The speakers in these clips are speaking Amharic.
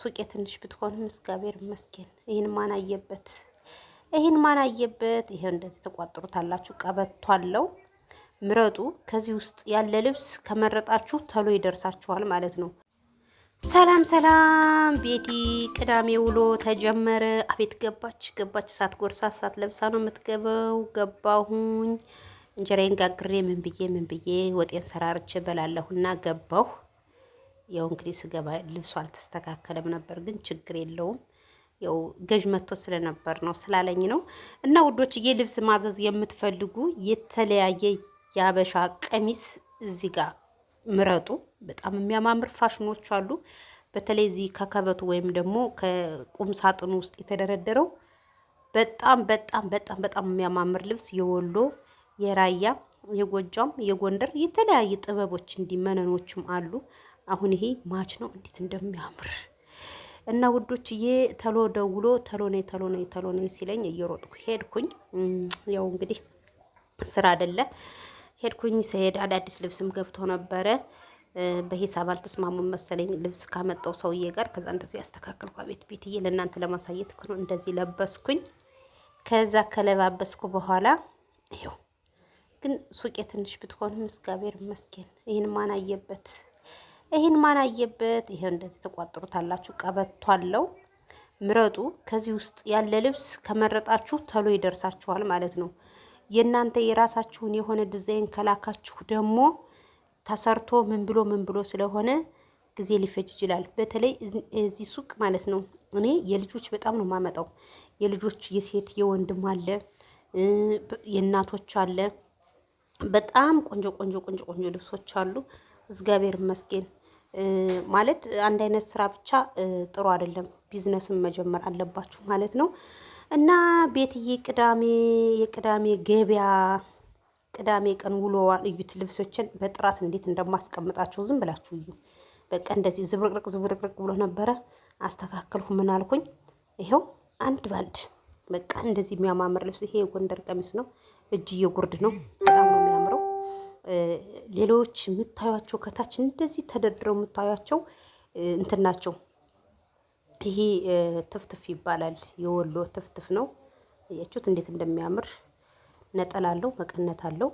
ሱቄ ትንሽ ብትሆንም እግዚአብሔር ይመስገን። ይህን ማን አየበት? ይህን ማን አየበት? ይሄው እንደዚህ ተቋጥሩታላችሁ። ቀበቶ አለው። ምረጡ። ከዚህ ውስጥ ያለ ልብስ ከመረጣችሁ ተሎ ይደርሳችኋል ማለት ነው። ሰላም ሰላም፣ ቤቲ ቅዳሜ ውሎ ተጀመረ። አቤት ገባች ገባች። እሳት ጎርሳ እሳት ለብሳ ነው የምትገበው። ገባሁኝ እንጀራዬን ጋግሬ ምን ብዬ ምን ብዬ ወጤን ሰራርቼ በላለሁና ገባሁ። ያው እንግዲህ ስገባ ልብሱ አልተስተካከለም ነበር፣ ግን ችግር የለውም። ያው ገዥ መጥቶ ስለነበር ነው ስላለኝ ነው። እና ውዶችዬ ልብስ ማዘዝ የምትፈልጉ የተለያየ የአበሻ ቀሚስ እዚህ ጋር ምረጡ። በጣም የሚያማምር ፋሽኖች አሉ። በተለይ እዚህ ከከበቱ ወይም ደግሞ ከቁም ሳጥኑ ውስጥ የተደረደረው በጣም በጣም በጣም በጣም የሚያማምር ልብስ የወሎ፣ የራያ፣ የጎጃም፣ የጎንደር የተለያየ ጥበቦች እንዲመነኖችም አሉ። አሁን ይሄ ማች ነው፣ እንዴት እንደሚያምር እና ውዶችዬ፣ ተሎ ደውሎ ተሎ ነይ ተሎ ነይ ተሎ ነይ ሲለኝ እየሮጥኩ ሄድኩኝ። ያው እንግዲህ ስራ አይደለ ሄድኩኝ። ስሄድ አዳዲስ ልብስም ገብቶ ነበረ። በሂሳብ አልተስማሙም መሰለኝ ልብስ ካመጣው ሰውዬ ጋር። ከዛ እንደዚህ ያስተካከልኩ። አቤት ቤትዬ፣ ለእናንተ ለማሳየት እኮ ነው። እንደዚህ ለበስኩኝ። ከዛ ከለባበስኩ በኋላ ይኸው ግን ሱቄ ትንሽ ብትሆንም እግዚአብሔር ይመስገን ይህን ማን አየበት። ይህን ማን አየበት? ይሄው እንደዚህ ተቋጥሩታላችሁ። ቀበቶ አለው ምረጡ። ከዚህ ውስጥ ያለ ልብስ ከመረጣችሁ ተሎ ይደርሳችኋል ማለት ነው። የእናንተ የራሳችሁን የሆነ ዲዛይን ከላካችሁ ደግሞ ተሰርቶ ምን ብሎ ምን ብሎ ስለሆነ ጊዜ ሊፈጅ ይችላል። በተለይ እዚህ ሱቅ ማለት ነው። እኔ የልጆች በጣም ነው የማመጣው። የልጆች የሴት የወንድም አለ፣ የእናቶች አለ። በጣም ቆንጆ ቆንጆ ቆንጆ ቆንጆ ልብሶች አሉ። እግዚአብሔር ይመስገን። ማለት አንድ አይነት ስራ ብቻ ጥሩ አይደለም። ቢዝነስን መጀመር አለባችሁ ማለት ነው። እና ቤትዬ ቅዳሜ የቅዳሜ ገበያ ቅዳሜ ቀን ውሎ እዩት። ልብሶችን በጥራት እንዴት እንደማስቀምጣቸው ዝም ብላችሁ እዩ። በቃ እንደዚህ ዝብርቅርቅ ዝብርቅርቅ ብሎ ነበረ። አስተካከልኩ ምን አልኩኝ። ይኸው አንድ ባንድ በቃ እንደዚህ የሚያማምር ልብስ ይሄ የጎንደር ቀሚስ ነው። እጅዬ ጉርድ ነው በጣም ሌሎች የምታዩቸው ከታች እንደዚህ ተደርድረው የምታዩቸው እንትን ናቸው። ይሄ ትፍትፍ ይባላል። የወሎ ትፍትፍ ነው። ያችሁት እንዴት እንደሚያምር ነጠላ አለው፣ መቀነት አለው።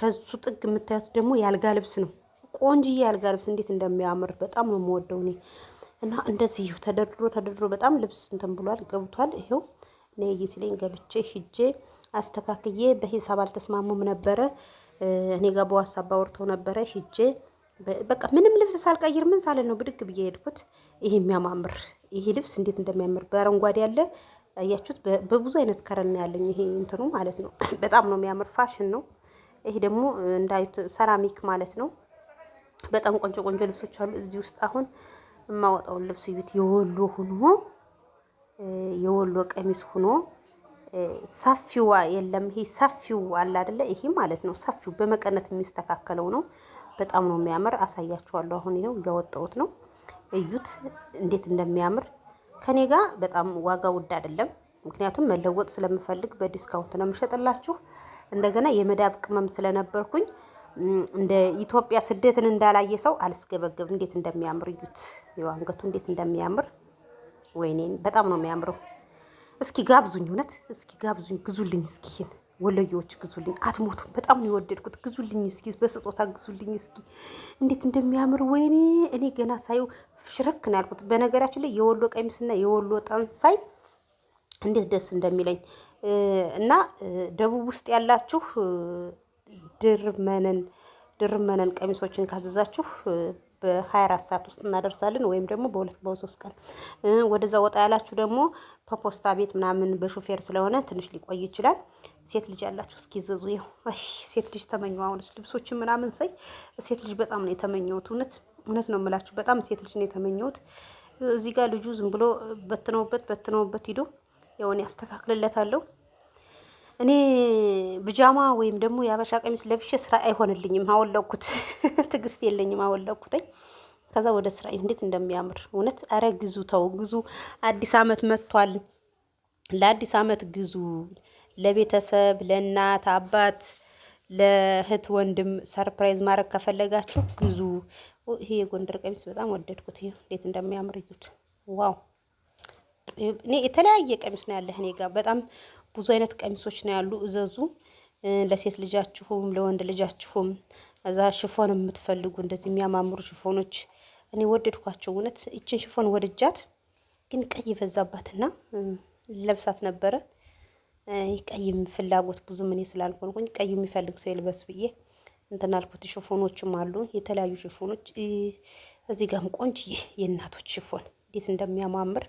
ከሱ ጥግ የምታዩት ደግሞ የአልጋ ልብስ ነው። ቆንጅዬ የአልጋ ልብስ እንዴት እንደሚያምር በጣም ነው የምወደው እኔ እና እንደዚህ ተደርድሮ ተደርድሮ በጣም ልብስ እንትን ብሏል፣ ገብቷል። ይሄው እኔ ሲለኝ ገብቼ ሂጄ አስተካክዬ በሂሳብ አልተስማሙም ነበረ። እኔ ጋር በዋሳብ አውርተው ነበረ ሂጄ በቃ ምንም ልብስ ሳልቀይር ምን ሳለ ነው ብድግ ብዬ ሄድኩት። ይሄ የሚያማምር ይሄ ልብስ እንዴት እንደሚያምር በአረንጓዴ ያለ አያችሁት። በብዙ አይነት ከረን ያለኝ ይሄ እንትኑ ማለት ነው። በጣም ነው የሚያምር ፋሽን ነው። ይሄ ደግሞ እንዳይቱ ሰራሚክ ማለት ነው። በጣም ቆንጆ ቆንጆ ልብሶች አሉ እዚህ ውስጥ። አሁን የማወጣውን ልብስ እዩት። የወሎ ሁኖ የወሎ ቀሚስ ሁኖ ሰፊዋ የለም። ይሄ ሰፊው አለ አይደለ? ይሄ ማለት ነው ሰፊው በመቀነት የሚስተካከለው ነው። በጣም ነው የሚያምር። አሳያችኋለሁ። አሁን ይሄው እያወጣሁት ነው። እዩት እንዴት እንደሚያምር። ከኔ ጋር በጣም ዋጋ ውድ አይደለም፣ ምክንያቱም መለወጥ ስለምፈልግ በዲስካውንት ነው የምሸጥላችሁ። እንደገና የመዳብ ቅመም ስለነበርኩኝ እንደ ኢትዮጵያ ስደትን እንዳላየ ሰው አልስገበገብ። እንዴት እንደሚያምር እዩት። የዋንገቱ እንዴት እንደሚያምር ወይኔ፣ በጣም ነው የሚያምረው። እስኪ ጋብዙኝ፣ እውነት እስኪ ጋብዙኝ፣ ግዙልኝ፣ እስኪ ይሄን ግዙልኝ፣ አትሞቱ። በጣም ነው የወደድኩት። ግዙልኝ እስኪ በስጦታ ግዙልኝ እስኪ እንዴት እንደሚያምር ወይኔ! እኔ ገና ሳዩ ሽረክ ነው ያልኩት። በነገራችን ላይ የወሎ ቀሚስና የወሎ ጠንሳይ እንዴት ደስ እንደሚለኝ እና ደቡብ ውስጥ ያላችሁ ድርመነን ድርመነን ቀሚሶችን ካዘዛችሁ በ24 ሰዓት ውስጥ እናደርሳለን፣ ወይም ደግሞ በሁለት በሶስት ቀን። ወደዛ ወጣ ያላችሁ ደግሞ በፖስታ ቤት ምናምን በሹፌር ስለሆነ ትንሽ ሊቆይ ይችላል። ሴት ልጅ ያላችሁ እስኪ ዘዙ። ይኸው አይ ሴት ልጅ ተመኘው። አሁንስ ልብሶችን ምናምን ሳይ ሴት ልጅ በጣም ነው የተመኘሁት። እውነት እውነት ነው የምላችሁ፣ በጣም ሴት ልጅ ነው የተመኘሁት። እዚህ ጋር ልጁ ዝም ብሎ በትነውበት በትነውበት ሂዶ የሆነ ያስተካክልለታለሁ። እኔ ብጃማ ወይም ደግሞ የአበሻ ቀሚስ ለብሼ ስራ አይሆንልኝም። አወለኩት፣ ትግስት የለኝም። አወለኩትኝ ከዛ ወደ ስራ እንዴት እንደሚያምር እውነት። አረ ግዙ፣ ተው ግዙ። አዲስ አመት መጥቷል። ለአዲስ አመት ግዙ። ለቤተሰብ ለእናት አባት፣ ለእህት ወንድም ሰርፕራይዝ ማድረግ ከፈለጋችሁ ግዙ። ይሄ የጎንደር ቀሚስ በጣም ወደድኩት። ይሄ እንዴት እንደሚያምር እዩት። ዋው! እኔ የተለያየ ቀሚስ ነው ያለህ እኔ ጋር በጣም ብዙ አይነት ቀሚሶች ነው ያሉ። እዘዙ። ለሴት ልጃችሁም ለወንድ ልጃችሁም እዛ ሽፎን የምትፈልጉ እንደዚህ የሚያማምሩ ሽፎኖች እኔ ወደድኳቸው። እውነት ይችን ሽፎን ወድጃት፣ ግን ቀይ የበዛባትና ለብሳት ነበረ። ቀይ ፍላጎት ብዙ ምን ስላልሆንኩኝ ቀይ የሚፈልግ ሰው የልበስ ብዬ እንትን አልኩት። ሽፎኖችም አሉ የተለያዩ ሽፎኖች። እዚህ ጋም ቆንጅዬ የእናቶች ሽፎን እንዴት እንደሚያማምር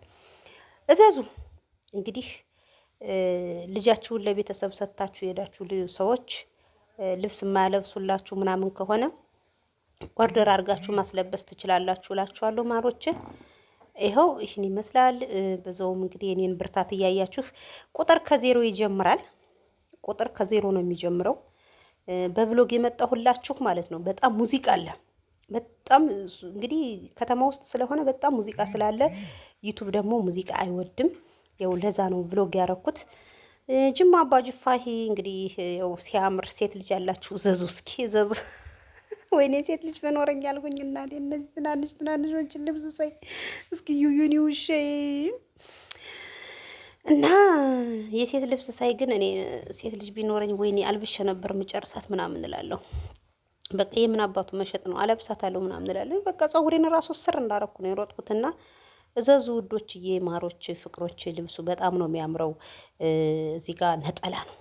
እዘዙ እንግዲህ ልጃችሁን ለቤተሰብ ሰጥታችሁ የሄዳችሁ ሰዎች ልብስ የማያለብሱላችሁ ምናምን ከሆነ ኦርደር አድርጋችሁ ማስለበስ ትችላላችሁ እላችኋለሁ ማሮችን። ይኸው ይህን ይመስላል። በዛውም እንግዲህ የኔን ብርታት እያያችሁ ቁጥር ከዜሮ ይጀምራል። ቁጥር ከዜሮ ነው የሚጀምረው። በብሎግ የመጣሁላችሁ ማለት ነው። በጣም ሙዚቃ አለ። በጣም እንግዲህ ከተማ ውስጥ ስለሆነ በጣም ሙዚቃ ስላለ ዩቱብ ደግሞ ሙዚቃ አይወድም። ያው ለዛ ነው ብሎግ ያረኩት። ጅማ አባ ጅፋሂ እንግዲህ ያው ሲያምር ሴት ልጅ ያላችሁ ዘዙ፣ እስኪ ዘዙ። ወይኔ ሴት ልጅ በኖረኝ ያልኩኝ እናቴ፣ እነዚህ ትናንሽ ትናንሾችን ልብስ ሳይ እስኪ ዩዩኒ ውሸ እና የሴት ልብስ ሳይ ግን እኔ ሴት ልጅ ቢኖረኝ ወይኔ አልብሼ ነበር ምጨርሳት ምናምን እላለሁ። በቃ የምን አባቱ መሸጥ ነው አለብሳት አለሁ ምናምን እላለሁ። በቃ ፀጉሬን ራሱ ስር እንዳረኩ ነው የሮጥኩትና እዘዙ ውዶችዬ፣ ማሮች፣ ፍቅሮች። ልብሱ በጣም ነው የሚያምረው። እዚህ ጋር ነጠላ ነው፣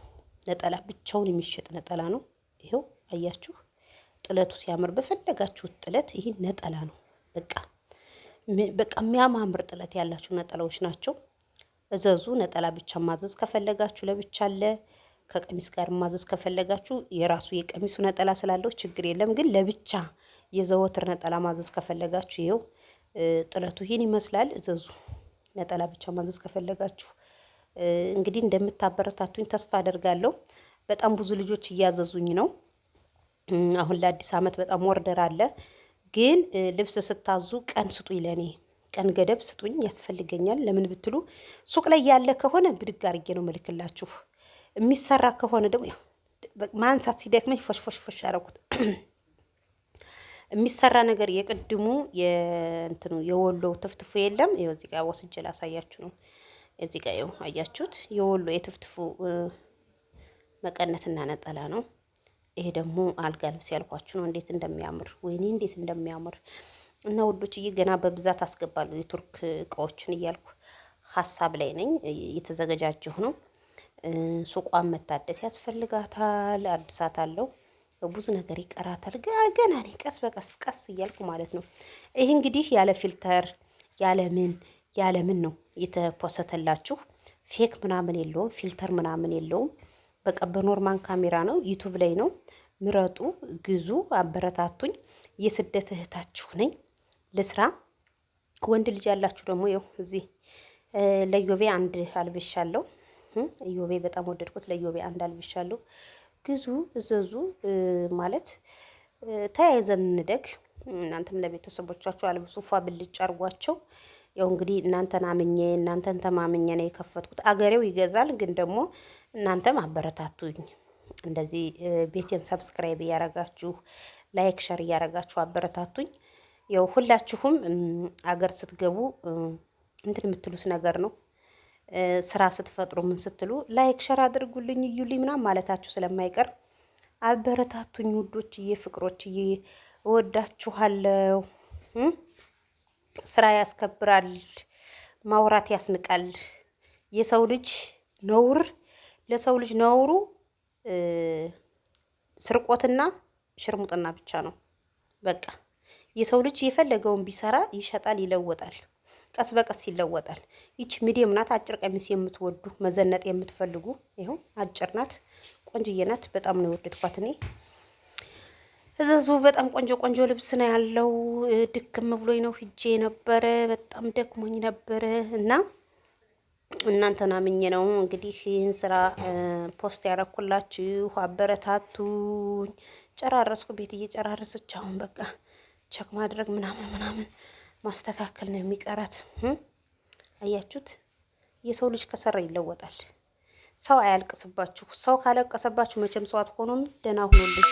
ነጠላ ብቻውን የሚሸጥ ነጠላ ነው። ይኸው አያችሁ ጥለቱ ሲያምር፣ በፈለጋችሁት ጥለት ይህ ነጠላ ነው። በቃ በቃ የሚያማምር ጥለት ያላችሁ ነጠላዎች ናቸው። እዘዙ። ነጠላ ብቻ ማዘዝ ከፈለጋችሁ ለብቻ አለ። ከቀሚስ ጋር ማዘዝ ከፈለጋችሁ የራሱ የቀሚሱ ነጠላ ስላለው ችግር የለም። ግን ለብቻ የዘወትር ነጠላ ማዘዝ ከፈለጋችሁ ይኸው ጥለቱ ይህን ይመስላል። እዘዙ። ነጠላ ብቻ ማዘዝ ከፈለጋችሁ እንግዲህ እንደምታበረታቱኝ ተስፋ አደርጋለሁ። በጣም ብዙ ልጆች እያዘዙኝ ነው። አሁን ለአዲስ ዓመት በጣም ወርደር አለ። ግን ልብስ ስታዙ ቀን ስጡኝ፣ ለእኔ ቀን ገደብ ስጡኝ፣ ያስፈልገኛል። ለምን ብትሉ ሱቅ ላይ ያለ ከሆነ ብድግ አድርጌ ነው መልክላችሁ። የሚሰራ ከሆነ ደግሞ ማንሳት ሲደክመኝ ፎሽፎሽፎሽ አረኩት። የሚሰራ ነገር የቅድሙ የእንትኑ የወሎ ትፍትፉ የለም። ይኸው እዚህ ጋር ወስጄ ላሳያችሁ ነው። እዚህ ጋር ይኸው አያችሁት፣ የወሎ የትፍትፉ መቀነትና ነጠላ ነው። ይሄ ደግሞ አልጋ ልብስ ያልኳችሁ ነው። እንዴት እንደሚያምር ወይኔ፣ እንዴት እንደሚያምር እና ውዶችዬ፣ ገና በብዛት አስገባሉ የቱርክ እቃዎችን እያልኩ ሀሳብ ላይ ነኝ፣ እየተዘገጃጀሁ ነው። ሱቋን መታደስ ያስፈልጋታል። አድሳት አለው ብዙ ነገር ይቀራታል። ገና እኔ ቀስ በቀስ ቀስ እያልኩ ማለት ነው። ይህ እንግዲህ ያለ ፊልተር ያለ ምን ያለ ምን ነው የተፖሰተላችሁ። ፌክ ምናምን የለውም፣ ፊልተር ምናምን የለውም። በቃ በኖርማን ካሜራ ነው፣ ዩቱብ ላይ ነው። ምረጡ፣ ግዙ፣ አበረታቱኝ። የስደት እህታችሁ ነኝ ልስራ። ወንድ ልጅ ያላችሁ ደግሞ ይኸው እዚህ ለዮቤ አንድ አልብሻለሁ። ዮቤ በጣም ወደድኩት። ለዮቤ አንድ አልብሻለሁ። ግዙ፣ እዘዙ ማለት ተያይዘን እንደግ። እናንተም ለቤተሰቦቻችሁ አልብሱፋ ብልጭ አርጓቸው። ያው እንግዲህ እናንተን አምኜ እናንተን ተማምኜ ነው የከፈትኩት። አገሬው ይገዛል፣ ግን ደግሞ እናንተም አበረታቱኝ። እንደዚህ ቤቴን ሰብስክራይብ እያረጋችሁ ላይክ፣ ሸር እያረጋችሁ አበረታቱኝ። ያው ሁላችሁም አገር ስትገቡ እንትን የምትሉት ነገር ነው ስራ ስትፈጥሩ ምን ስትሉ ላይክ ሸር አድርጉልኝ እዩልኝ ምናምን ማለታችሁ ስለማይቀር አበረታቱኝ ውዶችዬ፣ ፍቅሮችዬ፣ እወዳችኋለሁ። ስራ ያስከብራል፣ ማውራት ያስንቃል። የሰው ልጅ ነውር ለሰው ልጅ ነውሩ ስርቆትና ሽርሙጥና ብቻ ነው። በቃ የሰው ልጅ የፈለገውን ቢሰራ ይሸጣል፣ ይለወጣል። ቀስ በቀስ ይለወጣል። ይች ሚዲየም ናት። አጭር ቀሚስ የምትወዱ መዘነጥ የምትፈልጉ ይኸው አጭር ናት፣ ቆንጅዬ ናት። በጣም ነው የወደድኳት እኔ። እዘዙ። በጣም ቆንጆ ቆንጆ ልብስ ነው ያለው። ድክም ብሎኝ ነው ሂጄ ነበረ፣ በጣም ደክሞኝ ነበረ እና እናንተን አምኜ ነው እንግዲህ ይህን ስራ ፖስት ያረኩላችሁ። አበረታቱኝ። ጨራረስኩ፣ ቤት እየጨራረሰች አሁን በቃ ቸክ ማድረግ ምናምን ምናምን ማስተካከል ነው የሚቀራት። አያችሁት? የሰው ልጅ ከሰራ ይለወጣል። ሰው አያልቅስባችሁ። ሰው ካለቀሰባችሁ መቼም ሰው አትሆኑም። ደህና ሁኑልኝ።